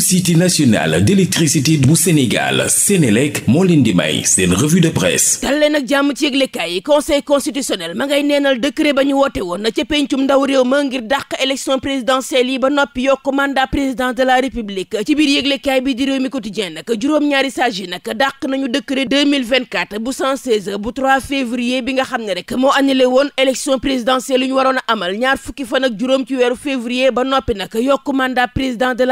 société nationale d'électricité bu Sénégal Sénélec moo leen di may seen revue de presse dal leen jàmm ci yëglekaay yi conseil constitutionnel ma ngay neenal décret ba ñu woote woon na ca pencum ndaw réew ma ngir dàq élection présidentielle yi ba noppi yokk mandat président de la république ci biir yëglekaay bi di réew mi quotidien nag juróom-ñaari sages nag dàq nañu décret bu bu février bi nga xam ne rek moo annulé woon élection présidentielle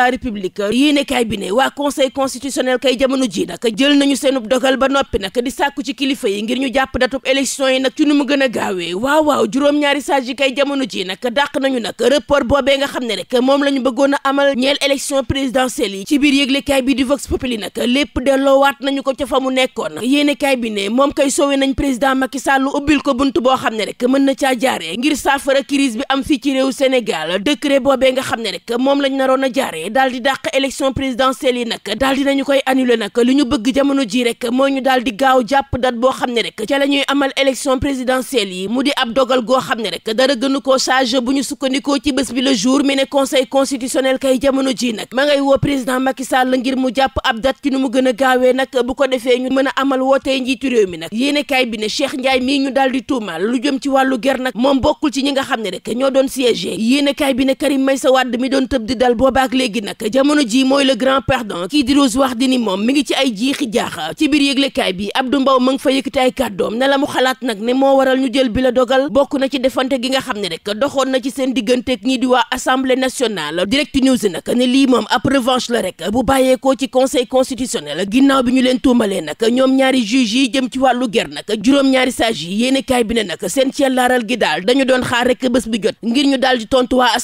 a yéenekaay bi ne waa conseil constitutionnel kay jamono ji nag jël nañu seenub dogal ba noppi nag di sàkku ci kilifa yi ngir ñu jàpp datub élection yi nag ci nu mu gën a gaawee waaw waaw juróom-ñaari sages yi kay jamono ji nag dàq nañu nag report boobee nga xam ne rek moom la ñu bëggoon a amal ñeel élection présidentielle yi ci biir yëglekaay bi di Vox Populi nag lépp delloowaat nañu ko ca fa mu nekkoon yéenekaay bi ne moom kay soowe nañ président Macky Sall ubbil ko bunt boo xam ne rek mën na caa jaaree ngir saafara crise bi am fii ci réew Sénégal décret boobee nga xam ne rek moom lañ naroon a jaaree daal di dàq élection présidentielle yi nag daal dinañu koy annuler nag lu ñu bëgg jamono ji rek moo ñu daal di gaaw jàpp dat boo xam ne rek ca la ñuy amal élection présidentielle yi mu di ab dogal goo xam ne rek dara gënu ko sage bu ñu sukkandikoo ci bës bi la jour mi ne conseil constitutionnel kay jamono ji nag ma ngay woo président Macky Sall ngir mu jàpp ab date ki nu mu gën a gaawee nag bu ko defee ñu mën a amal woo wootee njiitu réew mi nag yéenekaay bi ne Cheikh Ndiaye mii ñu daal di tuumaal lu jëm ci wàllu ger nag moom bokkul ci ñi nga xam ne rek ñoo doon siégé yéenekaay bi ne Karim Meïssa Wade mi doon tëb di dal boobaak léegi nag jamono jamono ji mooy le grand perdant kii di Rose Wardini moom mi ngi ci ay jiixi jaaxa ci biir yëglekaay bi Abdou Mbow ma ngi fa yëkkati ay kàddoom ne la mu xalaat nag ne moo waral ñu jël bi la dogal bokk na ci defante gi nga xam ne rek doxoon na ci seen digganteeg ñii di waa assemblée nationale direct news nag ne lii moom ab revanche la rek bu bàyyeekoo ci conseil constitutionnel ginnaaw bi ñu leen tuumalee nag ñoom ñaari juge yi jëm ci wàllu ger nag juróom-ñaari sage yi yéenekaay bi ne nag seen ceellaaral gi daal dañu doon xaar rek bés bi jot ngir ñu daal di tontu waa ak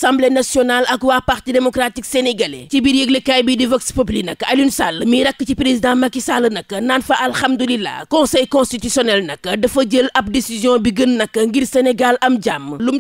yëglekaay bii di Vox Populi nag Alioune Sall mi rakk ci président Macky Sall nag naan fa alhamdulilah conseil constitutionnel nag dafa jël ab décision bi gën nag ngir Sénégal am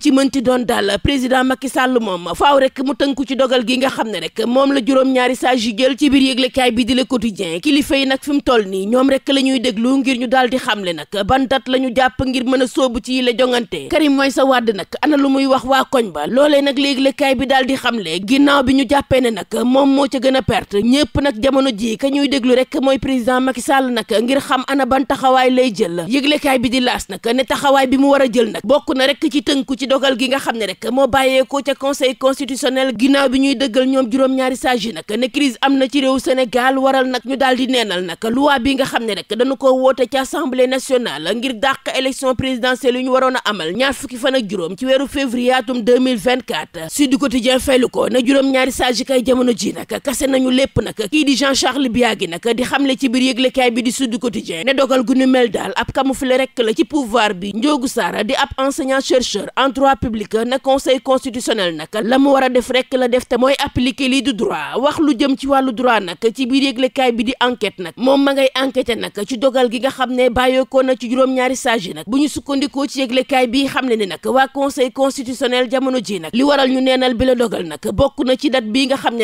ci mënti doon daal président Macky moom faaw rek mu tënku ci dogal gi nga xam ne rek moom la juróom-ñaari saa yu jël ci biir yëglekaay bi di Le Quotidien kilifa yi nag fi mu toll nii ñoom rek la ñuy déglu ngir ñu daal di xamle nag ban date la jàpp ngir mën a ci la jongante Karim Meïssa Wade nag ana lu muy wax waa koñ ba loolee nag léegi-lekaay bi daal xamle ginnaaw bi ñu jàppee ne nag moom moo ca gën a perte ñépp nag jamono ji ka ñuy déglu rek mooy président Macky Sall nag ngir xam ana ban taxawaay lay jël la yëglekaay bi di laas nag ne taxawaay bi mu war a jël nag bokk na rek ci tënku ci dogal gi nga xam ne rek moo bàyyeekoo ca conseil constitutionnel ginnaaw bi ñuy dëggal ñoom juróom-ñaari sages yi nag ne crise am na ci réew Sénégal waral nag ñu daal di neenal nag loi bi nga xam ne rek dañu ko woote ci assemblée nationale ngir dàq élection présidentielle yu ñu waroon a amal ñaar fukki fan ak juróom ci weeru février atum 2024 Sud Quotidien faylu ko ne juróom-ñaari sages yi kay jamono ji nag kase nañu lépp nag kii di Jean Charles Biagui nag di xamle ci biir yëglekaay bi di Sud Quotidien ne dogal gu ñu mel daal ab camoufle rek la ci pouvoir bi Ndiogou Sarr di ab enseignant chercheur en droit public na conseil constitutionnel nag la mu war a def rek la def te mooy appliquer lii du droit wax lu jëm ci wàllu droit nag ci biir yëglekaay bi di enquête nag moom ma ngay enquêté nag ci dogal gi nga xam ne bàyyeekoo na ci juróom-ñaari sages yi nag bu ñu sukkandikoo ci yëglekaay bi xam ne ne nag waa conseil constitutionnel jamono ji nag li waral ñu neenal bi la dogal nag bokk na ci date nga xam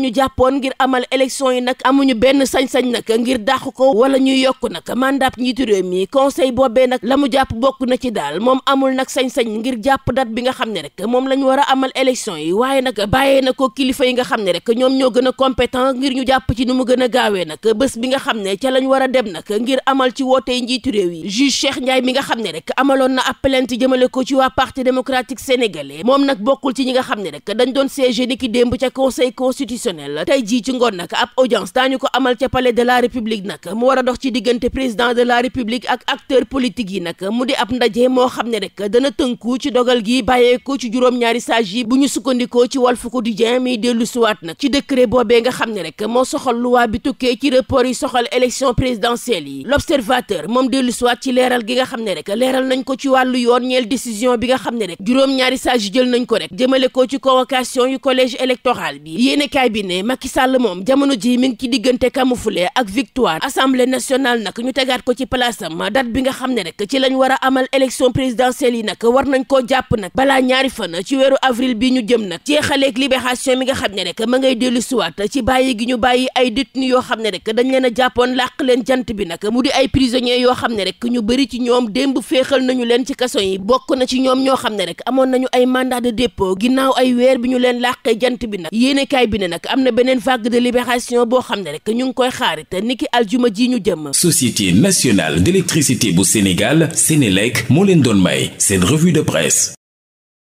ñu jàppoon ngir amal élection yi nag amuñu benn sañ-sañ nag ngir dàq ko wala ñuy yokk nag mandat njiitu réew mi conseil boobee nag la mu jàpp bokk na ci daal moom amul nag sañ-sañ ngir jàpp dat bi nga xam ne rek moom la ñu war a amal élection yi waaye nag bàyyee na ko kilifa yi nga xam ne rek ñoom ñoo gën a compétent ngir ñu jàpp ci nu mu gën a gaawee nag bés bi nga xam ne ca lañ war a dem nag ngir amal ci woote njiitu réew yi juge Cheikh Ndiaye mi nga xam ne rek amaloon na ab plainte ko ci waa parti démocratique sénégalais moom nag bokkul ci ñi nga xam ne rek dañ doon siège niki démb ca conseil constitution constitutionnel la tey jii ci ngoon nag ab audience daañu ko amal ca palais de la république nag mu war dox ci diggante président de la république ak acteur politique yi nag mu di ab ndaje moo xam ne rek dana tënku ci dogal gi bàyyeekoo ci juróom-ñaari sages yi bu ñu sukkandikoo ci Walf Quotidien mi dellu siwaat nag ci décret boobee nga xam ne rek moo soxal luwaa bi tukkee ci report yi soxal élection présidentielle yi l'observateur moom dellu siwaat ci leeral gi nga xam ne rek leeral nañ ko ci wàllu yoon ñeel décision bi nga xam ne rek juróom-ñaari sages jël nañ ko rek jëmale ko ci convocation yu collège électoral bi yéene kaay bi bi ne Macky Sall moom jamono ji mi ngi ci diggante camouflé ak victoire assemblée nationale nag ñu tegaat ko ci place am bi nga xam ne rek ci lañ war a amal élection présidentielle yi nag war nañ koo jàpp nag balaa ñaari fan ci weeru avril bi ñu jëm nag jeexaleeg libération mi nga xam ne rek ma ngay dellu siwaat ci bàyyi gi ñu bàyyi ay détenu yoo xam ne rek dañ leen a jàppoon làq leen jant bi nag mu di ay prisonniers yoo xam ne rek ñu bëri ci ñoom am na beneen vague de libération boo xam ne rek ñu ngi koy xaarit niki aljuma ji ñu jëm. Société nationale d'électricité bu Sénégal Sénélec moo leen doon may seen revue de presse.